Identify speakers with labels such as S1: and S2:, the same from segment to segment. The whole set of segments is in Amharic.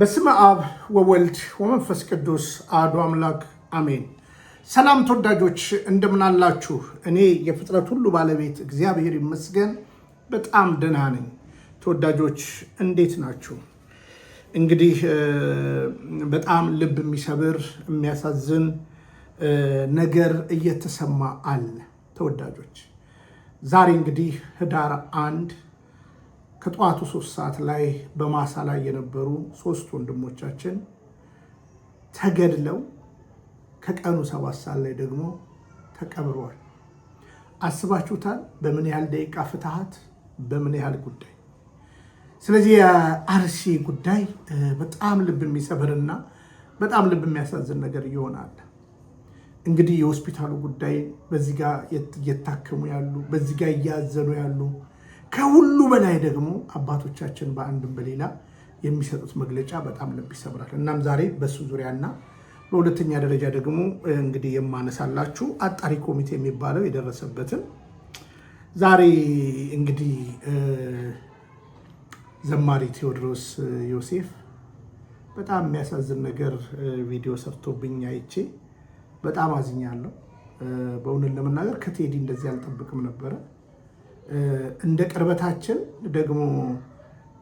S1: በስመ አብ
S2: ወወልድ ወመንፈስ ቅዱስ አሐዱ አምላክ አሜን። ሰላም ተወዳጆች እንደምናላችሁ። እኔ የፍጥረት ሁሉ ባለቤት እግዚአብሔር ይመስገን በጣም ደህና ነኝ። ተወዳጆች እንዴት ናችሁ? እንግዲህ በጣም ልብ የሚሰብር የሚያሳዝን ነገር እየተሰማ አለ ተወዳጆች። ዛሬ እንግዲህ ህዳር አንድ ከጠዋቱ ሶስት ሰዓት ላይ በማሳ ላይ የነበሩ ሶስት ወንድሞቻችን ተገድለው ከቀኑ ሰባት ሰዓት ላይ ደግሞ ተቀብረዋል። አስባችሁታል? በምን ያህል ደቂቃ ፍትሃት፣ በምን ያህል ጉዳይ። ስለዚህ የአርሲ ጉዳይ በጣም ልብ የሚሰብርና በጣም ልብ የሚያሳዝን ነገር ይሆናል። እንግዲህ የሆስፒታሉ ጉዳይ በዚህ ጋ እየታከሙ ያሉ፣ በዚህ እያዘኑ ያሉ ከሁሉ በላይ ደግሞ አባቶቻችን በአንድም በሌላ የሚሰጡት መግለጫ በጣም ልብ ይሰብራል። እናም ዛሬ በሱ ዙሪያና በሁለተኛ ደረጃ ደግሞ እንግዲህ የማነሳላችሁ አጣሪ ኮሚቴ የሚባለው የደረሰበትን ዛሬ እንግዲህ ዘማሪ ቴዎድሮስ ዮሴፍ በጣም የሚያሳዝን ነገር ቪዲዮ ሰርቶብኝ አይቼ በጣም አዝኛለሁ። በእውነት ለመናገር ከቴዲ እንደዚህ አልጠብቅም ነበረ። እንደ ቅርበታችን ደግሞ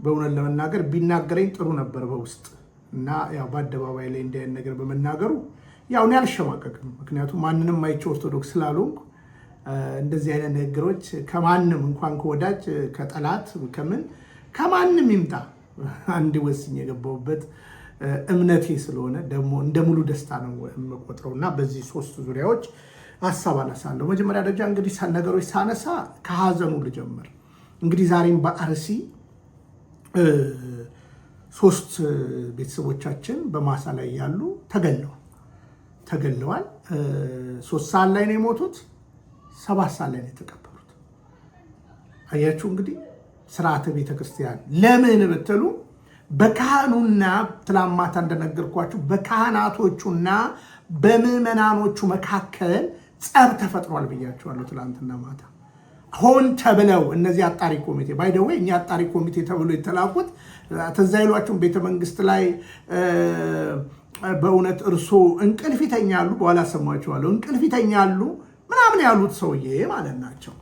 S2: በእውነት ለመናገር ቢናገረኝ ጥሩ ነበር በውስጥ እና ያው በአደባባይ ላይ እንዲህ ነገር በመናገሩ ያው እኔ አልሸማቀቅም። ምክንያቱም ማንንም ማይቸው ኦርቶዶክስ ስላልሆንኩ እንደዚህ አይነት ንግግሮች ከማንም እንኳን ከወዳጅ ከጠላት ከምን ከማንም ይምጣ አንድ ወስኝ የገባሁበት እምነቴ ስለሆነ ደግሞ እንደ ሙሉ ደስታ ነው የምቆጥረው እና በዚህ ሶስት ዙሪያዎች ሀሳብ አነሳለሁ። መጀመሪያ ደረጃ እንግዲህ ነገሮች ሳነሳ ከሀዘኑ ልጀምር። እንግዲህ ዛሬም በአርሲ ሶስት ቤተሰቦቻችን በማሳ ላይ ያሉ ተገለዋል ተገለዋል። ሶስት ሰዓት ላይ ነው የሞቱት፣ ሰባት ሰዓት ላይ ነው የተቀበሩት። አያችሁ እንግዲህ ስርዓተ ቤተክርስቲያን ለምን ብትሉ በካህኑና ትላማታ ማታ እንደነገርኳችሁ በካህናቶቹና በምዕመናኖቹ መካከል ጸብ ተፈጥሯል ብያቸዋለሁ ትላንትና ማታ። ሆን ተብለው እነዚህ አጣሪ ኮሚቴ ባይደወ እኛ አጣሪ ኮሚቴ ተብሎ የተላኩት ትዝ አይሏችሁም? ቤተመንግስት ላይ በእውነት እርሶ እንቅልፍ ይተኛሉ፣ በኋላ ሰማችኋለሁ፣ እንቅልፍ ይተኛሉ ምናምን ያሉት ሰውዬ ማለት ናቸው።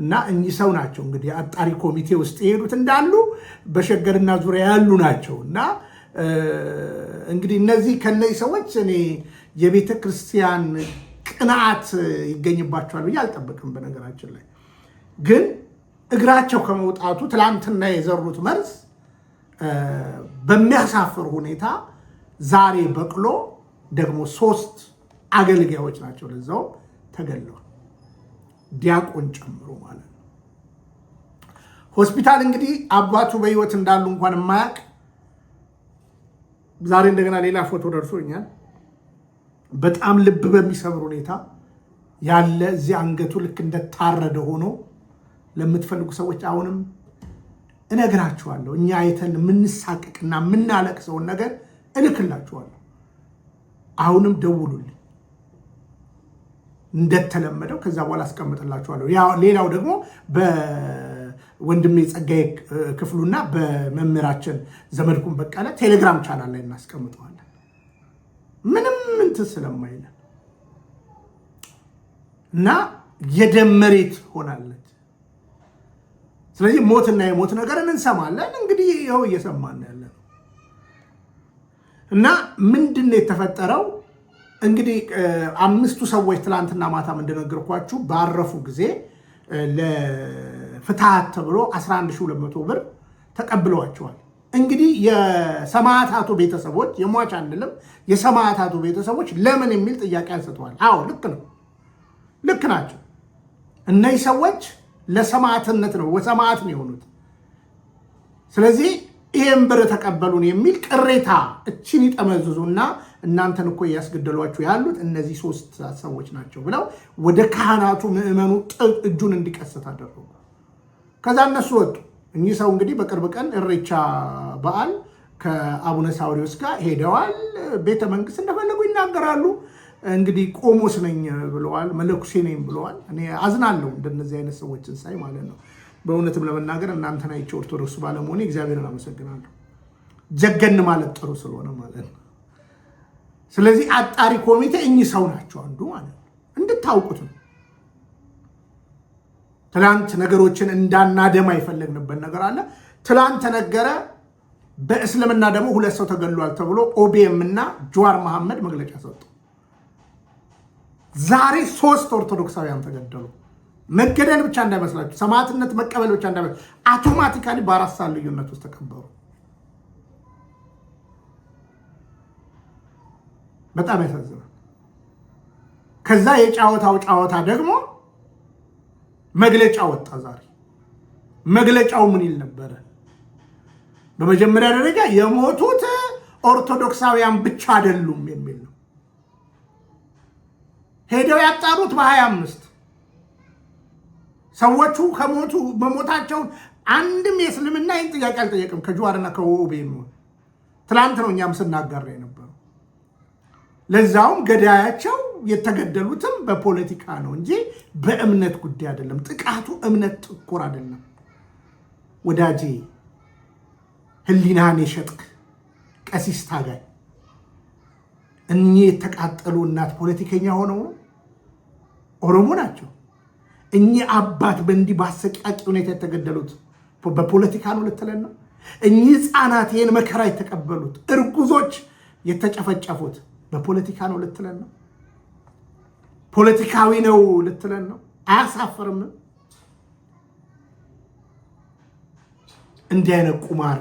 S2: እና እኚህ ሰው ናቸው እንግዲህ አጣሪ ኮሚቴ ውስጥ የሄዱት እንዳሉ በሸገርና ዙሪያ ያሉ ናቸው። እና እንግዲህ እነዚህ ከነዚህ ሰዎች እኔ የቤተ ክርስቲያን ቅንዓት ይገኝባቸዋል ብዬ አልጠብቅም። በነገራችን ላይ ግን እግራቸው ከመውጣቱ ትላንትና የዘሩት መርዝ በሚያሳፍር ሁኔታ ዛሬ በቅሎ ደግሞ ሶስት አገልጋዮች ናቸው ለዛው ተገለዋል፣ ዲያቆን ጨምሮ ማለት ነው። ሆስፒታል እንግዲህ አባቱ በህይወት እንዳሉ እንኳን የማያውቅ ዛሬ እንደገና ሌላ ፎቶ ደርሶኛል። በጣም ልብ በሚሰብር ሁኔታ ያለ እዚህ አንገቱ ልክ እንደታረደ ሆኖ ለምትፈልጉ ሰዎች አሁንም እነግራችኋለሁ። እኛ አይተን የምንሳቅቅና የምናለቅሰውን ነገር እልክላችኋለሁ። አሁንም ደውሉልኝ እንደተለመደው። ከዛ በኋላ አስቀምጥላችኋለሁ። ሌላው ደግሞ በወንድሜ ጸጋዬ ክፍሉና በመምህራችን ዘመድኩን በቀለ ቴሌግራም ቻናል ላይ እናስቀምጠዋለን። ምንም እንትን ስለማይለን እና የደም መሬት ሆናለች። ስለዚህ ሞትና የሞት ነገር እንሰማለን። እንግዲህ ይኸው እየሰማን ያለ ነው እና ምንድነው የተፈጠረው? እንግዲህ አምስቱ ሰዎች ትላንትና ማታም እንደነገርኳችሁ ባረፉ ጊዜ ለፍትሃት ተብሎ 11200 ብር ተቀብለዋቸዋል። እንግዲህ የሰማዕታቱ ቤተሰቦች የሟች አንልም፣ የሰማዕታቱ ቤተሰቦች ለምን የሚል ጥያቄ አንስተዋል። አዎ ልክ ነው፣ ልክ ናቸው። እነዚህ ሰዎች ለሰማዕትነት ነው ሰማዕት ነው የሆኑት። ስለዚህ ይህም ብር ተቀበሉን የሚል ቅሬታ እችን ይጠመዝዙና እናንተን እኮ እያስገደሏችሁ ያሉት እነዚህ ሶስት ሰዎች ናቸው ብለው ወደ ካህናቱ ምዕመኑ እጁን እንዲቀስት አደረጉ። ከዛ እነሱ ወጡ። እኚህ ሰው እንግዲህ በቅርብ ቀን እሬቻ በዓል ከአቡነ ሳውሪዎስ ጋር ሄደዋል። ቤተ መንግስት እንደፈለጉ ይናገራሉ። እንግዲህ ቆሞስ ነኝ ብለዋል፣ መለኩሴ ነኝ ብለዋል። እኔ አዝናለሁ እንደነዚህ አይነት ሰዎችን ሳይ ማለት ነው። በእውነትም ለመናገር እናንተን አይቼ ኦርቶዶክስ ባለመሆኔ እግዚአብሔርን አመሰግናለሁ። ጀገን ማለት ጥሩ ስለሆነ ማለት ነው። ስለዚህ አጣሪ ኮሚቴ እኚህ ሰው ናቸው አንዱ ማለት ነው፣ እንድታውቁት ነው። ትላንት ነገሮችን እንዳናደማ የፈለግንበት ነገር አለ። ትላንት ተነገረ። በእስልምና ደግሞ ሁለት ሰው ተገሏል ተብሎ ኦቤም እና ጀዋር መሐመድ መግለጫ ሰጡ። ዛሬ ሶስት ኦርቶዶክሳውያን ተገደሉ። መገደል ብቻ እንዳይመስላችሁ፣ ሰማዕትነት መቀበል ብቻ እንዳይመስላችሁ፣ አውቶማቲካሊ በአራት ሰዓት ልዩነት ውስጥ ተቀበሩ። በጣም ያሳዝናል። ከዛ የጫወታው ጫወታ ደግሞ መግለጫ ወጣ። ዛሬ መግለጫው ምን ይል ነበረ? በመጀመሪያ ደረጃ የሞቱት ኦርቶዶክሳውያን ብቻ አይደሉም የሚል ነው። ሄደው ያጣሩት በሀያ አምስት ሰዎቹ ከሞቱ በሞታቸው አንድም የእስልምና ይህን ጥያቄ አልጠየቅም። ከጅዋርና ከወቤ ትላንት ነው እኛም ስናጋራ የነበረው ለዛውም ገዳያቸው የተገደሉትም በፖለቲካ ነው እንጂ በእምነት ጉዳይ አይደለም። ጥቃቱ እምነት ተኮር አይደለም። ወዳጄ ህሊናን የሸጥክ ቀሲስ ታጋይ፣ እኚህ የተቃጠሉ እናት ፖለቲከኛ ሆነው ኦሮሞ ናቸው። እኚህ አባት በእንዲህ በአሰቃቂ ሁኔታ የተገደሉት በፖለቲካ ነው ልትለን ነው? እኚህ ህፃናት ይህን መከራ የተቀበሉት እርጉዞች የተጨፈጨፉት በፖለቲካ ነው ልትለን ነው? ፖለቲካዊ ነው ልትለን ነው?
S1: አያሳፍርም?
S2: እንዲህ አይነት ቁማር፣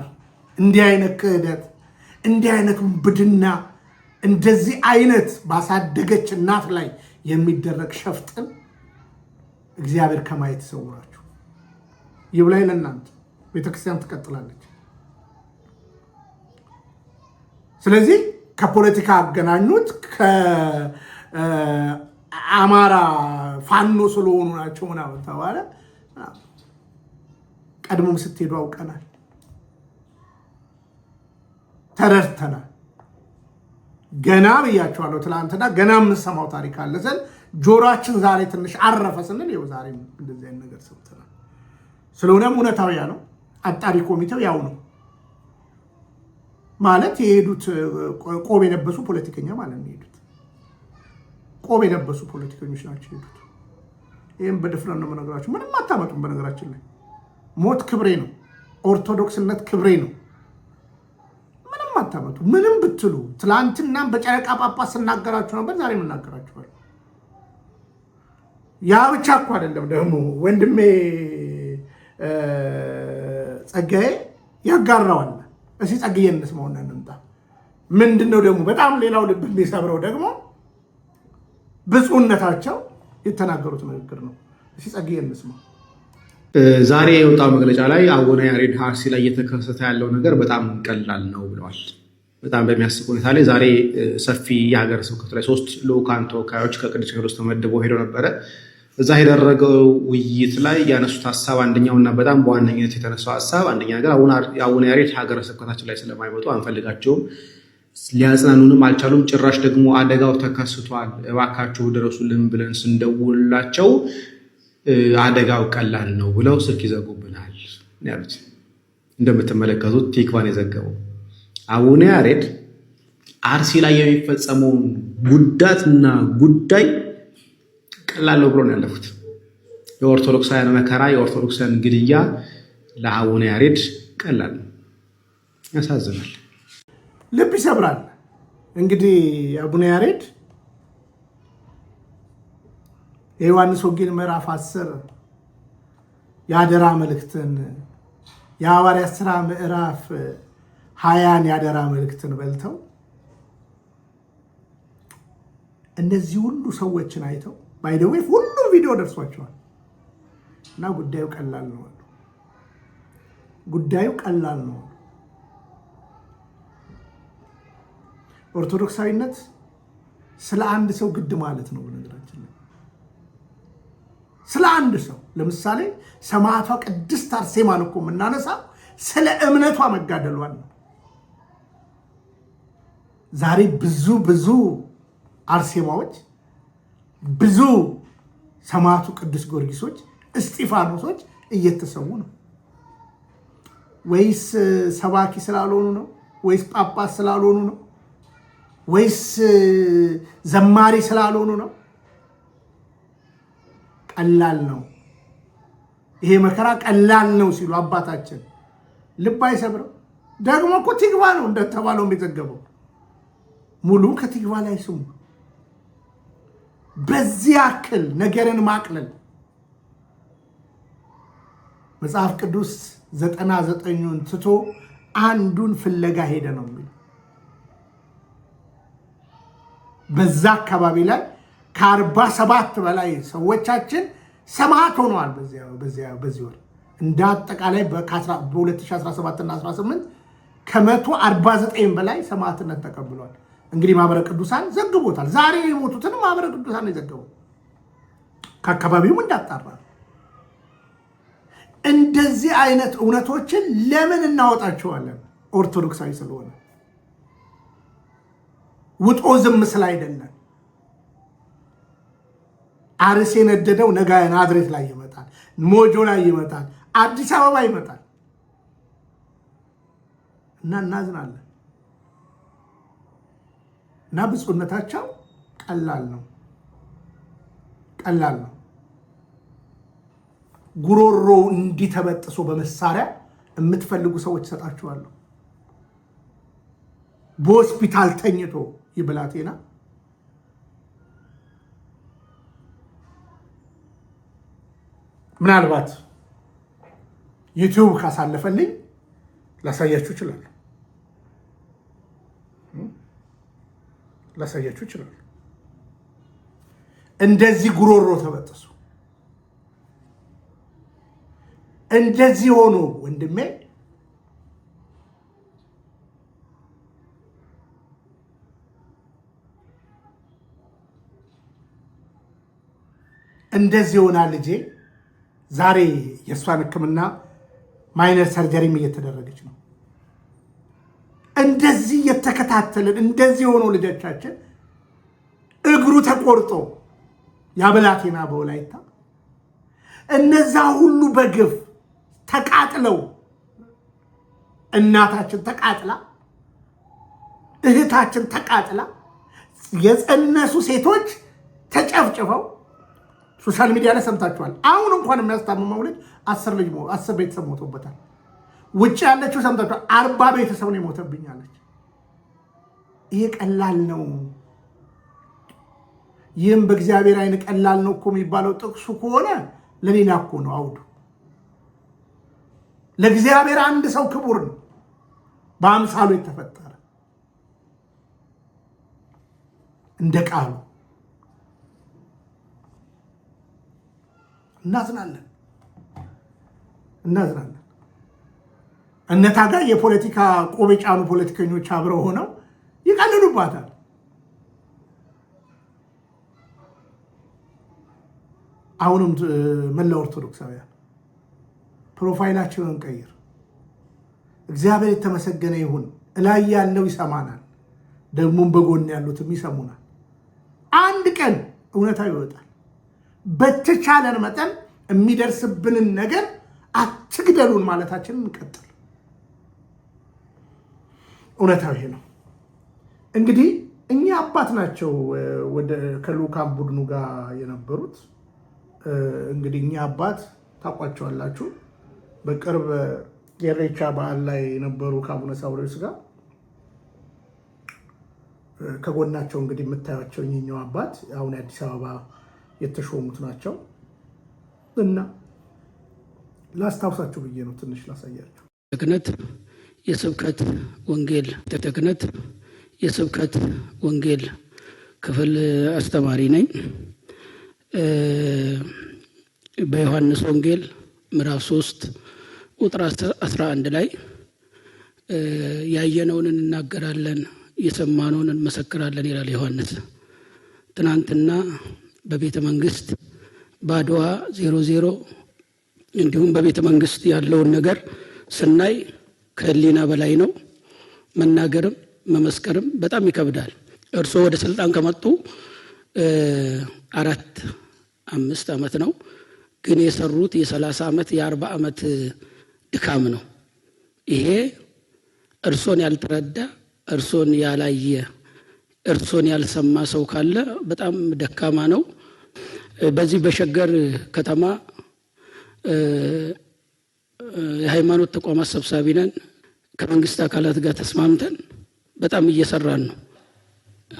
S2: እንዲህ አይነት ክህደት፣ እንዲህ አይነት ብድና፣ እንደዚህ አይነት ባሳደገች እናት ላይ የሚደረግ ሸፍጥን እግዚአብሔር ከማየት ይሰውራችሁ። ይብላኝ ለእናንተ። ቤተክርስቲያን ትቀጥላለች። ስለዚህ ከፖለቲካ አገናኙት አማራ ፋኖ ስለሆኑ ናቸው ምናምን ተባለ። ቀድሞም ስትሄዱ አውቀናል፣ ተረድተናል። ገና ብያቸዋለሁ ትላንትና፣ ገና የምንሰማው ታሪክ አለ ስል ጆሮችን ዛሬ ትንሽ አረፈ ስንል ይኸው ዛሬ እንደዚህ አይነት ነገር ሰምተናል። ስለሆነም እውነታው ያ ነው። አጣሪ ኮሚቴው ያው ነው ማለት የሄዱት ቆብ የለበሱ ፖለቲከኛ ማለት ነው የሄዱት ቆብ የለበሱ ፖለቲከኞች ናቸው ሄዱት። ይህም በድፍረት ነው የምነግራችሁ። ምንም አታመጡም። በነገራችን ላይ ሞት ክብሬ ነው፣ ኦርቶዶክስነት ክብሬ ነው። ምንም አታመጡ። ምንም ብትሉ ትላንትናም በጨረቃ ጳጳስ ስናገራችሁ ነበር፣ ዛሬም እናገራችኋል። ያ ብቻ እኮ አይደለም ደግሞ ወንድሜ ጸጋዬ ያጋራዋል። እስኪ ጸጋዬ እንስማውና እንምጣ። ምንድን ነው ደግሞ በጣም ሌላው ልብ የሚሰብረው ደግሞ ብፁዕነታቸው የተናገሩት ንግግር ነው። እስኪ ጸጋዬ እንስማ።
S1: ዛሬ የወጣው መግለጫ ላይ አቡነ ያሬድ አርሲ ላይ እየተከሰተ ያለው ነገር በጣም ቀላል ነው ብለዋል። በጣም በሚያስቅ ሁኔታ ላይ ዛሬ ሰፊ የሀገረ ስብከት ላይ ሶስት ልዑካን ተወካዮች ከቅዱስ ሲኖዶስ ተመድበው ሄደው ነበረ። እዛ የደረገው ውይይት ላይ ያነሱት ሀሳብ አንደኛው እና በጣም በዋነኝነት የተነሳው ሀሳብ አንደኛ ነገር አቡነ ያሬድ ሀገረ ስብከታችን ላይ ስለማይመጡ አንፈልጋቸውም ሊያጽናኑንም አልቻሉም። ጭራሽ ደግሞ አደጋው ተከስቷል እባካችሁ ድረሱልን ብለን ስንደውላቸው አደጋው ቀላል ነው ብለው ስልክ ይዘጉብናል ያሉት። እንደምትመለከቱት ቲክቫን የዘገበው አቡነ ያሬድ አርሲ ላይ የሚፈጸመውን ጉዳትና ጉዳይ ቀላል ነው ብሎ ነው ያለፉት። የኦርቶዶክሳውያን መከራ፣ የኦርቶዶክሳውያን ግድያ ለአቡነ ያሬድ ቀላል ነው። ያሳዝናል።
S2: ልብ ይሰብራል። እንግዲህ አቡነ ያሬድ የዮሐንስ ወንጌል ምዕራፍ 10 የአደራ መልእክትን የሐዋርያት ሥራ ምዕራፍ ሀያን የአደራ መልእክትን በልተው እነዚህ ሁሉ ሰዎችን አይተው ባይደዌ ሁሉም ቪዲዮ ደርሷቸዋል እና ጉዳዩ ቀላል ነው ጉዳዩ ቀላል ነው ኦርቶዶክሳዊነት ስለ አንድ ሰው ግድ ማለት ነው። በነገራችን ላይ ስለ አንድ ሰው ለምሳሌ ሰማዕቷ ቅድስት አርሴማን እኮ የምናነሳው ስለ እምነቷ መጋደሏን ነው። ዛሬ ብዙ ብዙ አርሴማዎች ብዙ ሰማዕቱ ቅዱስ ጊዮርጊሶች፣ እስጢፋኖሶች እየተሰዉ ነው። ወይስ ሰባኪ ስላልሆኑ ነው? ወይስ ጳጳስ ስላልሆኑ ነው? ወይስ ዘማሪ ስላልሆኑ ነው? ቀላል ነው ይሄ መከራ ቀላል ነው ሲሉ አባታችን ልብ አይሰብረው? ደግሞ እኮ ቲግባ ነው እንደተባለው የሚዘገበው ሙሉ ከቲግባ ላይ ስሙ። በዚህ ያክል ነገርን ማቅለል መጽሐፍ ቅዱስ ዘጠና ዘጠኙን ትቶ አንዱን ፍለጋ ሄደ ነው። በዛ አካባቢ ላይ ከአርባ ሰባት በላይ ሰዎቻችን ሰማዕት ሆነዋል። በዚህ ወር እንደ አጠቃላይ በ2017 እና 18 ከ 49 በላይ ሰማዕትነት ተቀብሏል። እንግዲህ ማህበረ ቅዱሳን ዘግቦታል። ዛሬ የሞቱትን ማህበረ ቅዱሳን የዘገበው ከአካባቢውም እንዳጣራ እንደዚህ አይነት እውነቶችን ለምን እናወጣቸዋለን? ኦርቶዶክሳዊ ስለሆነ ውጦ ዝም ስል አይደለም። አርስ የነደደው ነገ ናዝሬት ላይ ይመጣል፣ ሞጆ ላይ ይመጣል፣ አዲስ አበባ ይመጣል እና እናዝናለን እና ብፁዕነታቸው ቀላል ነው ቀላል ነው። ጉሮሮ እንዲተበጥሶ በመሳሪያ የምትፈልጉ ሰዎች እሰጣችኋለሁ በሆስፒታል ተኝቶ ይህ ምናልባት ዩቲዩብ ካሳለፈልኝ ላሳያችሁ እችላለሁ ላሳያችሁ እችላለሁ። እንደዚህ ጉሮሮ ተበጥሶ እንደዚህ ሆኖ ወንድሜ እንደዚህ ሆና ልጄ ዛሬ የእሷን ሕክምና ማይነር ሰርጀሪም እየተደረገች ነው። እንደዚህ የተከታተልን እንደዚህ ሆኖ ልጆቻችን እግሩ ተቆርጦ ያብላቴና በወላይታ እነዛ ሁሉ በግፍ ተቃጥለው እናታችን ተቃጥላ እህታችን ተቃጥላ የጸነሱ ሴቶች ተጨፍጭፈው ሶሻል ሚዲያ ላይ ሰምታችኋል። አሁን እንኳን የሚያስታምመው ልጅ አስር ልጅ አስር ቤተሰብ ሞቶበታል። ውጭ ያለችው ሰምታችኋል፣ አርባ ቤተሰብ ነው የሞተብኛለች። ይሄ ቀላል ነው። ይህም በእግዚአብሔር አይነ ቀላል ነው እኮ የሚባለው ጥቅሱ ከሆነ ለሌላ እኮ ነው አውዱ። ለእግዚአብሔር አንድ ሰው ክቡር ነው፣ በአምሳሉ የተፈጠረ እንደ ቃሉ እናዝናለን እናዝናለን። እነታ ጋር የፖለቲካ ቆብ የጫኑ ፖለቲከኞች አብረው ሆነው ይቀልሉባታል። አሁንም መላ ኦርቶዶክሳውያን ፕሮፋይላችንን ቀይር። እግዚአብሔር የተመሰገነ ይሁን። እላይ ያለው ይሰማናል፣ ደግሞም በጎን ያሉትም ይሰሙናል። አንድ ቀን እውነታው ይወጣል። በተቻለን መጠን የሚደርስብንን ነገር አትግደሉን ማለታችንን እንቀጥል። እውነታው ይሄ ነው። እንግዲህ እኛ አባት ናቸው ወደ ቡድኑ ጋር የነበሩት። እንግዲህ እኛ አባት ታውቋቸዋላችሁ። በቅርብ የኢሬቻ በዓል ላይ የነበሩ ከአቡነ ሳዊሮስ ጋር ከጎናቸው እንግዲህ የምታያቸው እኚኛው አባት አሁን የአዲስ አበባ የተሾሙት ናቸው እና ላስታውሳችሁ ብዬ ነው። ትንሽ ላሳያችሁ።
S3: ተክነት የስብከት ወንጌል ተክነት የስብከት ወንጌል ክፍል አስተማሪ ነኝ። በዮሐንስ ወንጌል ምዕራፍ 3 ቁጥር 11 ላይ ያየነውን እንናገራለን፣ የሰማነውን እንመሰክራለን ይላል ዮሐንስ። ትናንትና በቤተ መንግስት በአድዋ ዜሮ ዜሮ እንዲሁም በቤተ መንግስት ያለውን ነገር ስናይ ከህሊና በላይ ነው። መናገርም መመስከርም በጣም ይከብዳል። እርስዎ ወደ ስልጣን ከመጡ አራት አምስት ዓመት ነው፣ ግን የሰሩት የሰላሳ ዓመት የአርባ ዓመት ድካም ነው። ይሄ እርሶን ያልተረዳ እርሶን ያላየ እርሶን ያልሰማ ሰው ካለ በጣም ደካማ ነው። በዚህ በሸገር ከተማ የሃይማኖት ተቋማት ሰብሳቢ ነን። ከመንግስት አካላት ጋር ተስማምተን በጣም እየሰራን ነው።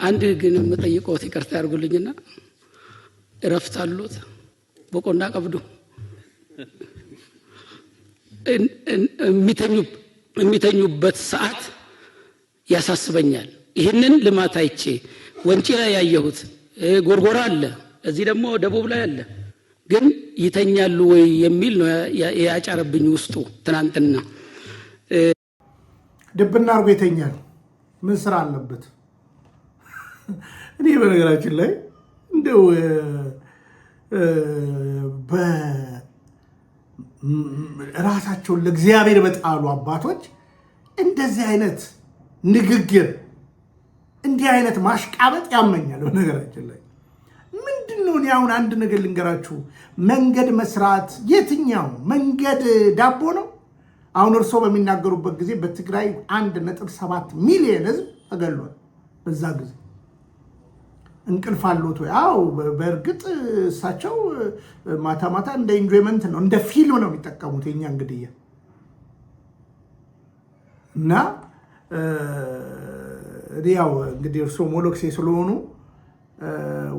S3: አንድ ግን የምጠይቀው ይቅርታ ያድርጉልኝና እረፍት አሉት በቆና ቀብዱ የሚተኙበት ሰዓት ያሳስበኛል። ይህንን ልማት አይቼ ወንጪ ላይ ያየሁት ጎርጎራ አለ እዚህ ደግሞ ደቡብ ላይ አለ። ግን ይተኛሉ ወይ የሚል ነው ያጫረብኝ ውስጡ። ትናንትና ድብና አድርጎ ይተኛል። ምን ስራ አለበት?
S2: እኔ በነገራችን ላይ እንደው በራሳቸውን ለእግዚአብሔር በጣሉ አባቶች እንደዚህ አይነት ንግግር እንዲህ አይነት ማሽቃበጥ ያመኛል በነገራችን ላይ ምንድን ነው? እኔ አሁን አንድ ነገር ልንገራችሁ። መንገድ መስራት የትኛው መንገድ ዳቦ ነው? አሁን እርስዎ በሚናገሩበት ጊዜ በትግራይ አንድ ነጥብ ሰባት ሚሊየን ህዝብ ተገሏል። በዛ ጊዜ እንቅልፍ አለዎት ወይ? አዎ፣ በእርግጥ እሳቸው ማታ ማታ እንደ ኢንጆይመንት ነው እንደ ፊልም ነው የሚጠቀሙት የኛ እንግዲህ እና ያው እንግዲህ እርስዎ ሞሎክሴ ስለሆኑ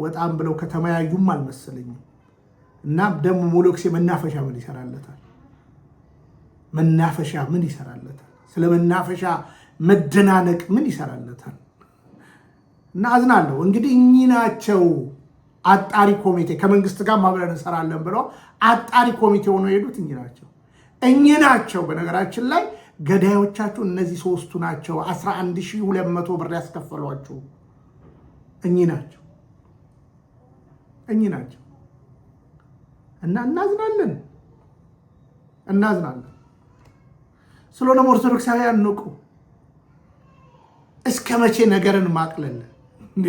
S2: ወጣም ብለው ከተመያዩም አልመሰለኝም። እና ደግሞ ሞሎክሴ መናፈሻ ምን ይሰራለታል? መናፈሻ ምን ይሰራለታል? ስለ መናፈሻ መደናነቅ ምን ይሰራለታል? እና አዝናለሁ። እንግዲህ እኚህ ናቸው አጣሪ ኮሚቴ ከመንግስት ጋር ማብረን እንሰራለን ብለው አጣሪ ኮሚቴ ሆነው የሄዱት እኚህ ናቸው። እኚህ ናቸው በነገራችን ላይ ገዳዮቻችሁ እነዚህ ሶስቱ ናቸው። 11200 ብር ያስከፈሏችሁ እኚህ ናቸው። እኚህ ናቸው እና እናዝናለን እናዝናለን። ስለሆነም ኦርቶዶክሳውያን ንቁ። እስከ መቼ ነገርን ማቅለል እንዴ?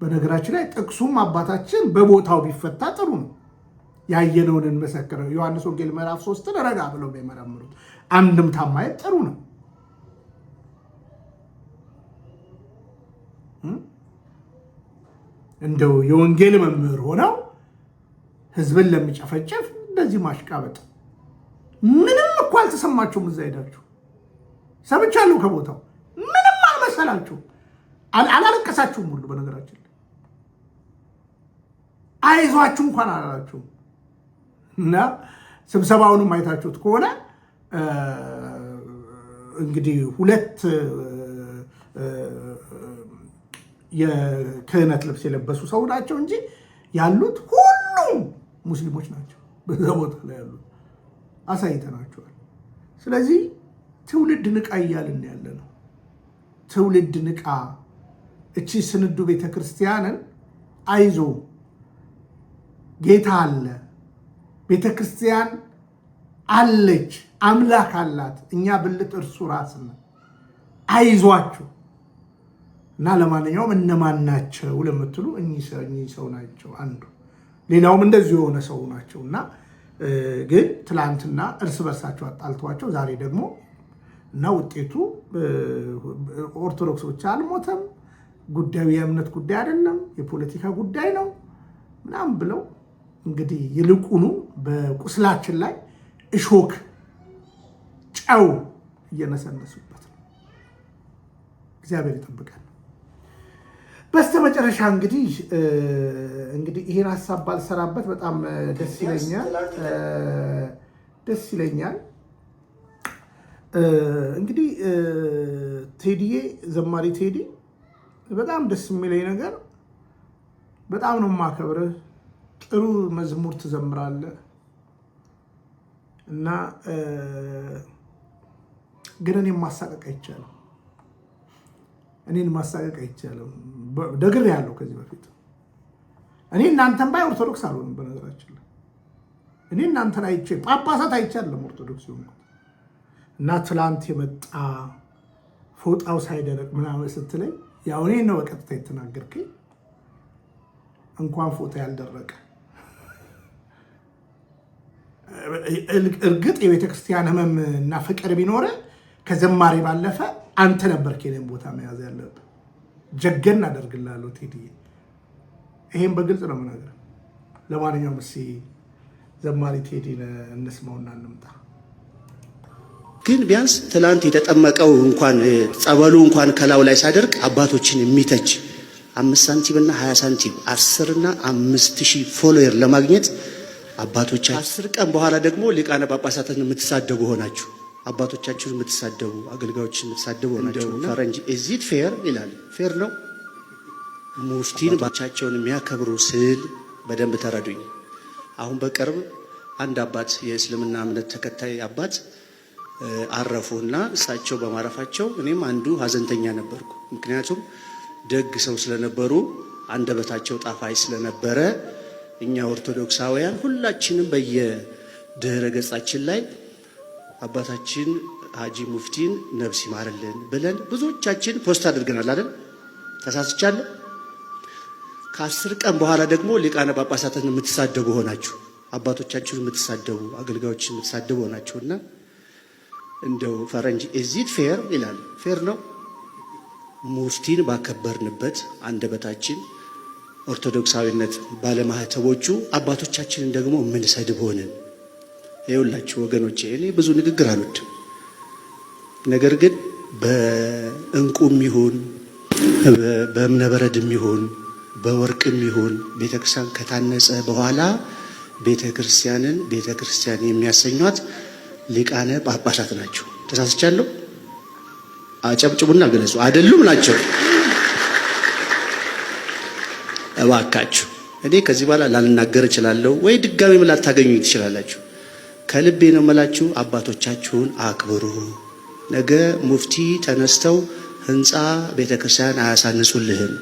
S2: በነገራችን ላይ ጥቅሱም አባታችን በቦታው ቢፈታ ጥሩ ነው። ያየነውን እንመሰክረው። ዮሐንስ ወንጌል ምዕራፍ ሶስትን ረጋ ብለው ቢመረምሩት አንድምታ ማየት ጥሩ ነው። እንደው የወንጌል መምህር ሆነው ህዝብን ለሚጨፈጨፍ እንደዚህ ማሽቃበጥ ምንም እኮ አልተሰማችሁም። እዛ ሄዳችሁ ሰምቻለሁ ከቦታው ምንም አልመሰላችሁም። አላለቀሳችሁም ሁሉ በነገራችን ላይ አይዟችሁ እንኳን አላላችሁም። እና ስብሰባውንም አይታችሁት ከሆነ እንግዲህ ሁለት የክህነት ልብስ የለበሱ ሰው ናቸው እንጂ ያሉት ሁሉም ሙስሊሞች ናቸው። በዛ ቦታ ላይ ያሉት አሳይተናቸዋል። ስለዚህ ትውልድ ንቃ እያልን ያለ ነው። ትውልድ ንቃ። እቺ ስንዱ ቤተክርስቲያንን አይዞ ጌታ አለ፣ ቤተክርስቲያን አለች፣ አምላክ አላት። እኛ ብልጥ እርሱ ራስ ነው። አይዟችሁ እና ለማንኛውም እነማን ናቸው ለምትሉ እኚህ ሰው ናቸው አንዱ። ሌላውም እንደዚሁ የሆነ ሰው ናቸው እና ግን ትላንትና እርስ በርሳቸው አጣልተዋቸው ዛሬ ደግሞ እና ውጤቱ ኦርቶዶክስ ብቻ አልሞተም፣ ጉዳዩ የእምነት ጉዳይ አይደለም፣ የፖለቲካ ጉዳይ ነው ምናምን ብለው እንግዲህ ይልቁኑ በቁስላችን ላይ እሾክ ጨው እየነሰነሱበት ነው። እግዚአብሔር ይጠብቃል። በስተመጨረሻ እንግዲህ እንግዲህ ይህን ሀሳብ ባልሰራበት በጣም ደስ ይለኛል ደስ ይለኛል። እንግዲህ ቴዲዬ ዘማሪ ቴዲ በጣም ደስ የሚለኝ ነገር በጣም ነው የማከብርህ። ጥሩ መዝሙር ትዘምራለህ እና ግን እኔን ማሳቀቅ አይቻልም። እኔን ማሳቀቅ አይቻልም። ደግሬ ያለው ከዚህ በፊት እኔ እናንተን ባይ ኦርቶዶክስ አልሆንም። በነገራችን ላይ እኔ እናንተን አይቼ ጳጳሳት አይቼ ኦርቶዶክስ የሆንኩት። እና ትላንት የመጣ ፎጣው ሳይደረቅ ምናምን ስትለኝ ያው እኔን ነው በቀጥታ የተናገርከኝ። እንኳን ፎጣ ያልደረቀ እርግጥ የቤተ ክርስቲያን ሕመም እና ፍቅር ቢኖረ ከዘማሪ ባለፈ አንተ ነበርክ የኔን ቦታ መያዝ ያለብህ። ጀገን አደርግልሃለሁ ቴዲ። ይሄን በግልጽ ነው የምናገረው። ለማንኛውም እስኪ ዘማሪ ቴዲን እንስማውና እንምጣ።
S1: ግን ቢያንስ ትላንት የተጠመቀው እንኳን ጸበሉ እንኳን ከላው ላይ ሳደርግ አባቶችን የሚተች አምስት ሳንቲም እና ሀያ ሳንቲም አስር እና አምስት ሺህ ፎሎየር ለማግኘት አባቶች አስር ቀን በኋላ ደግሞ ሊቃነ ጳጳሳትን የምትሳደቡ ሆናችሁ አባቶቻችሁን የምትሳደቡ አገልጋዮችን የምትሳደቡ ናቸው። ፈረንጅ እዚት ፌር ይላል። ፌር ነው። ሙፍቲን ባቻቸውን የሚያከብሩ ስል በደንብ ተረዱኝ። አሁን በቅርብ አንድ አባት የእስልምና እምነት ተከታይ አባት እና እሳቸው በማረፋቸው እኔም አንዱ ሀዘንተኛ ነበርኩ። ምክንያቱም ደግ ሰው ስለነበሩ አንደበታቸው ጣፋይ ስለነበረ እኛ ኦርቶዶክሳውያን ሁላችንም በየድህረ ገጻችን ላይ አባታችን ሀጂ ሙፍቲን ነብስ ይማርልን ብለን ብዙዎቻችን ፖስት አድርገናል አይደል? ተሳስቻለሁ። ከአስር ቀን በኋላ ደግሞ ሊቃነ ጳጳሳትን የምትሳደቡ ሆናችሁ፣ አባቶቻችሁን የምትሳደቡ፣ አገልጋዮችን የምትሳደቡ ሆናችሁና እንደው ፈረንጅ እዚት ፌር ይላል። ፌር ነው። ሙፍቲን ባከበርንበት አንደበታችን ኦርቶዶክሳዊነት ባለማህተቦቹ አባቶቻችንን ደግሞ የምንሰድብ ሆንን። ይኸውላችሁ ወገኖቼ፣ እኔ ብዙ ንግግር አሉት ነገር ግን በእንቁም ይሁን በእምነበረድም ይሁን በወርቅም ይሁን ቤተክርስቲያን ከታነጸ በኋላ ቤተክርስቲያንን ቤተክርስቲያን የሚያሰኟት ሊቃነ ጳጳሳት ናቸው። ተሳስቻለሁ? አጨብጭቡና ገለጹ። አይደሉም ናቸው። እባካችሁ እኔ ከዚህ በኋላ ላልናገር እችላለሁ ወይ ድጋሜም ላታገኙኝ ትችላላችሁ። ከልቤ ነው መላችሁ። አባቶቻችሁን አክብሩ። ነገ ሙፍቲ ተነስተው ህንፃ ቤተ ክርስቲያን አያሳንሱልህም።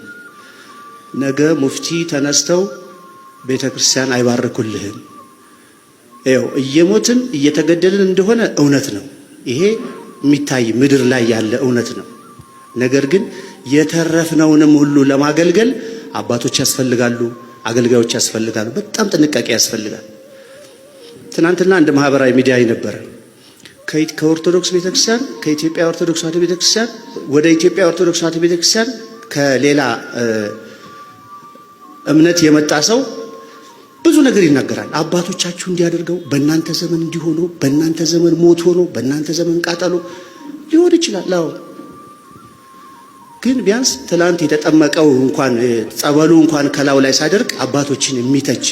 S1: ነገ ሙፍቲ ተነስተው ቤተ ክርስቲያን አይባርኩልህም። ይኸው እየሞትን እየተገደልን እንደሆነ እውነት ነው። ይሄ የሚታይ ምድር ላይ ያለ እውነት ነው። ነገር ግን የተረፍነውንም ሁሉ ለማገልገል አባቶች ያስፈልጋሉ፣ አገልጋዮች ያስፈልጋሉ። በጣም ጥንቃቄ ያስፈልጋል። ትናንትና እንደ ማህበራዊ ሚዲያ ነበረ። ከኦርቶዶክስ ቤተክርስቲያን ከኢትዮጵያ ኦርቶዶክስ ተዋህዶ ቤተክርስቲያን ወደ ኢትዮጵያ ኦርቶዶክስ ተዋህዶ ቤተክርስቲያን ከሌላ እምነት የመጣ ሰው ብዙ ነገር ይናገራል። አባቶቻችሁ እንዲያደርገው በእናንተ ዘመን እንዲሆኑ በእናንተ ዘመን ሞት ሆኖ በእናንተ ዘመን ቃጠሎ ሊሆን ይችላል። አዎ ግን ቢያንስ ትላንት የተጠመቀው እንኳን ጸበሉ እንኳን ከላው ላይ ሳደርግ አባቶችን የሚተች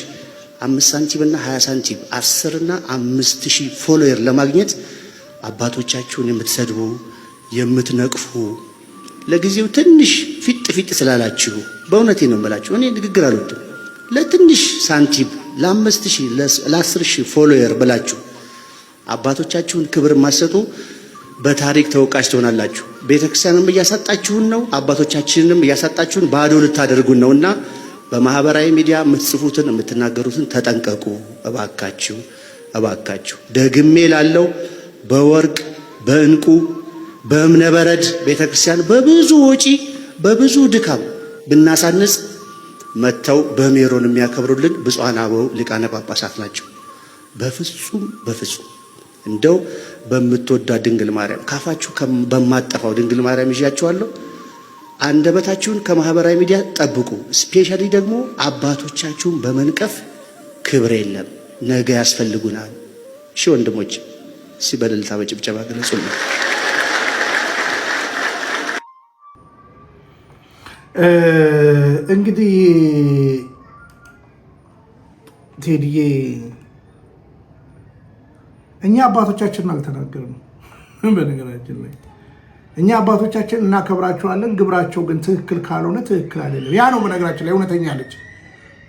S1: አምስት ሳንቲም እና ሀያ ሳንቲም አስር እና አምስት ሺህ ፎሎየር ለማግኘት አባቶቻችሁን የምትሰድቡ የምትነቅፉ ለጊዜው ትንሽ ፊጥ ፊጥ ስላላችሁ በእውነቴ ነው የምላችሁ። እኔ ንግግር አልወድም። ለትንሽ ሳንቲም ለአምስት ሺህ ለአስር ሺህ ፎሎየር ብላችሁ አባቶቻችሁን ክብር ማሰጡ በታሪክ ተወቃሽ ትሆናላችሁ። ቤተክርስቲያንም እያሳጣችሁን ነው፣ አባቶቻችንንም እያሳጣችሁን ባዶ ልታደርጉን ነውና በማህበራዊ ሚዲያ የምትጽፉትን የምትናገሩትን ተጠንቀቁ። እባካችሁ እባካችሁ ደግሜ ላለው በወርቅ በእንቁ በእብነበረድ ቤተ ክርስቲያን በብዙ ወጪ በብዙ ድካም ብናሳንጽ መጥተው በሜሮን የሚያከብሩልን ብፁዓን አበው ሊቃነ ጳጳሳት ናቸው። በፍጹም በፍጹም እንደው በምትወዳ ድንግል ማርያም ካፋችሁ በማጠፋው ድንግል ማርያም ይዣችኋለሁ። አንደበታችሁን ከማህበራዊ ሚዲያ ጠብቁ። ስፔሻሊ ደግሞ አባቶቻችሁን በመንቀፍ ክብር የለም፣ ነገ ያስፈልጉናል። እሺ ወንድሞች፣ እሺ በእልልታ በጭብጨባ ገለጹልን።
S2: እንግዲህ ቴዲዬ እኛ አባቶቻችንን አልተናገርንም። በነገራችን ላይ እኛ አባቶቻችን እናከብራቸዋለን። ግብራቸው ግን ትክክል ካልሆነ ትክክል አይደለም። ያ ነው በነገራችን ላይ እውነተኛ ልጅ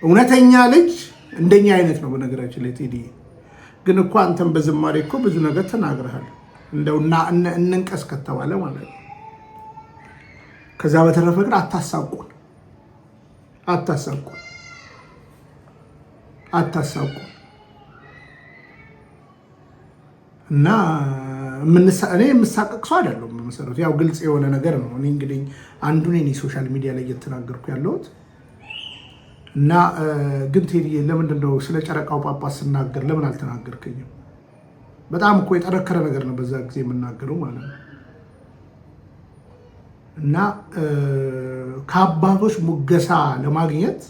S2: እውነተኛ ልጅ እንደኛ አይነት ነው። በነገራችን ላይ ቴዲ ግን እኮ አንተም በዝማሬ እኮ ብዙ ነገር ተናግረሃል። እንደው እንንቀስ ከተባለ ማለት ነው። ከዛ በተረፈ ግን አታሳቁን፣ አታሳቁን፣ አታሳቁን እና እኔ የምሳቀቅ ሰው አይደለሁም። መሰረቱ ያው ግልጽ የሆነ ነገር ነው። እኔ እንግዲህ አንዱን ኔ ሶሻል ሚዲያ ላይ እየተናገርኩ ያለሁት እና ግን ቴዲ ለምንድን ነው ስለ ጨረቃው ጳጳስ ስናገር ለምን አልተናገርከኝም? በጣም እኮ የጠረከረ ነገር ነው በዛ ጊዜ የምናገረው ማለት ነው። እና ከአባቶች ሙገሳ ለማግኘት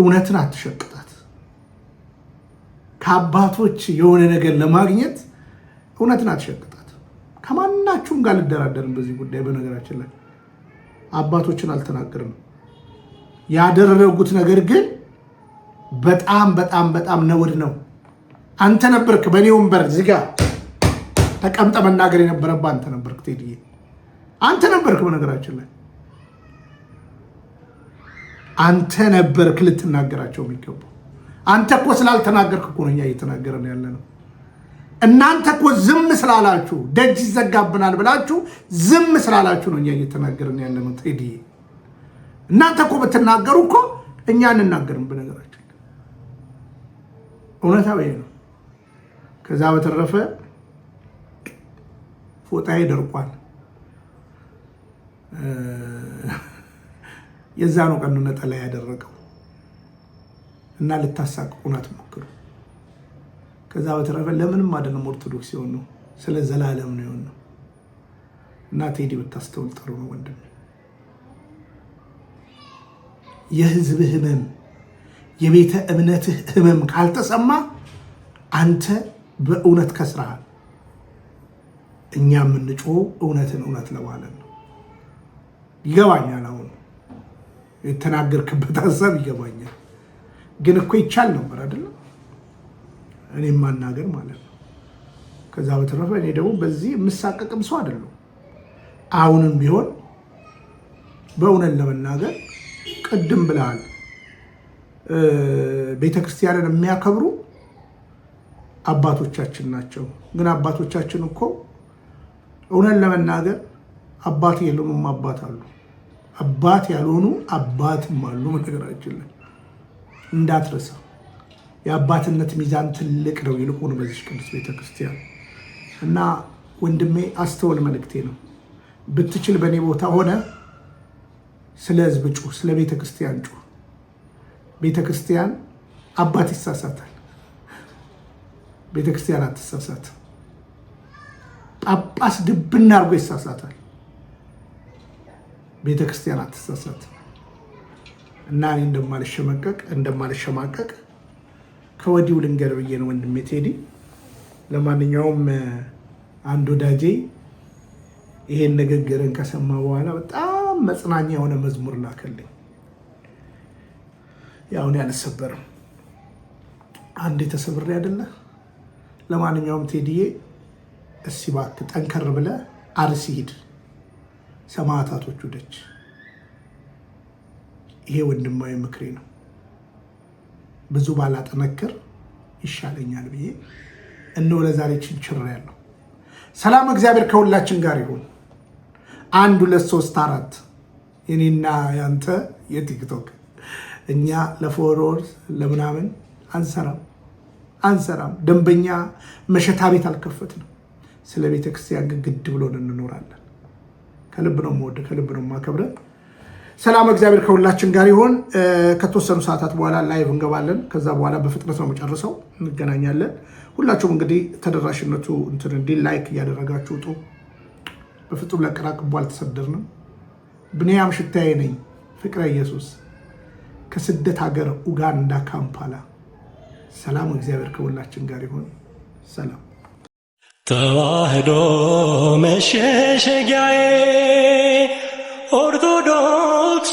S2: እውነትን አትሸቅጣት። ከአባቶች የሆነ ነገር ለማግኘት እውነትን አትሸቅጣት። ከማናችሁም ጋር አልደራደርም በዚህ ጉዳይ። በነገራችን ላይ አባቶችን አልተናገርም። ያደረጉት ነገር ግን በጣም በጣም በጣም ነውር ነው። አንተ ነበርክ በእኔ ወንበር እዚህ ተቀምጠ መናገር የነበረብህ አንተ ነበርክ ቴዲዬ፣ አንተ ነበርክ። በነገራችን ላይ አንተ ነበርክ ልትናገራቸው የሚገባው። አንተ እኮ ስላልተናገርክ እኮ ነው እኛ እየተናገረን ያለ ነው። እናንተ እኮ ዝም ስላላችሁ ደጅ ይዘጋብናል ብላችሁ ዝም ስላላችሁ ነው እኛ እየተናገርን ያለ ነው። ቴዲ እናንተ እኮ ብትናገሩ እኮ እኛ አንናገርም። በነገራችን እውነታ ወይ ነው። ከዛ በተረፈ ፎጣዬ ደርቋል። የዛ ነው ቀኑ ነጠላ ያደረገው እና ልታሳቅቁን ሞክሩ ከዛ በተረፈ ለምንም አይደለም ኦርቶዶክስ የሆን ነው ስለ ዘላለም ነው የሆን ነው። እና ቴዲ ብታስተውል ጥሩ ነው ወንድም። የህዝብ ህመም፣ የቤተ እምነትህ ህመም ካልተሰማ አንተ በእውነት ከስራሃል። እኛ የምንጮው እውነትን እውነት ለማለት ነው። ይገባኛል። አሁን የተናገርክበት ሀሳብ ይገባኛል። ግን እኮ ይቻል ነበር አይደለም እኔም ማናገር ማለት ነው። ከዛ በተረፈ እኔ ደግሞ በዚህ የምሳቀቅም ሰው አይደለሁ። አሁንም ቢሆን በእውነት ለመናገር ቅድም ብለሃል፣ ቤተክርስቲያንን የሚያከብሩ አባቶቻችን ናቸው። ግን አባቶቻችን እኮ እውነት ለመናገር አባት የለውም አባት አሉ አባት ያልሆኑ አባትም አሉ። መነገራችን ላይ እንዳትረሳ። የአባትነት ሚዛን ትልቅ ነው፣ ይልቁን በዚች ቅዱስ ቤተክርስቲያን እና ወንድሜ አስተውል፣ መልእክቴ ነው። ብትችል በእኔ ቦታ ሆነ ስለ ህዝብ ጩህ፣ ስለ ቤተክርስቲያን ጩህ። ቤተክርስቲያን አባት ይሳሳታል፣ ቤተክርስቲያን አትሳሳት። ጳጳስ ድብና አድርጎ ይሳሳታል፣ ቤተክርስቲያን አትሳሳት። እና እኔ እንደማልሸመቀቅ እንደማልሸማቀቅ ከወዲሁ ልንገር ብዬ ነው ወንድሜ ቴዲ። ለማንኛውም አንድ ወዳጄ ይሄን ንግግርን ከሰማ በኋላ በጣም መጽናኛ የሆነ መዝሙር ላከልኝ። ያሁን ያልሰበርም አንድ የተሰብር አይደለ። ለማንኛውም ቴዲዬ እስቲ እባክህ ጠንከር ብለህ አርሲ ሂድ፣ ሰማዕታቶቹ ደች ይሄ ወንድማዊ ምክሬ ነው። ብዙ ባላጠነክር ይሻለኛል ብዬ እነሆ ለዛሬ ችንችር ያለው። ሰላም እግዚአብሔር ከሁላችን ጋር ይሁን። አንድ ሁለት ሶስት አራት የኔና ያንተ የቲክቶክ እኛ ለፎሮር ለምናምን አንሰራም አንሰራም። ደንበኛ መሸታ ቤት አልከፈትንም። ስለ ቤተክርስቲያን ግን ግድ ብሎን እንኖራለን። ከልብ ነው መወደ ከልብ ነው ማከብረን ሰላም እግዚአብሔር ከሁላችን ጋር ይሆን። ከተወሰኑ ሰዓታት በኋላ ላይቭ እንገባለን። ከዛ በኋላ በፍጥነት ነው የምጨርሰው። እንገናኛለን። ሁላችሁም እንግዲህ ተደራሽነቱ እንትን እንዲ ላይክ እያደረጋችሁ ውጡ። በፍጹም ለቀራቅቦ አልተሰደርንም። ብንያም ሽታዬ ነኝ። ፍቅረ ኢየሱስ ከስደት ሀገር ኡጋንዳ ካምፓላ። ሰላም እግዚአብሔር ከሁላችን ጋር ይሆን። ሰላም
S1: ተዋህዶ መሸሸጊያዬ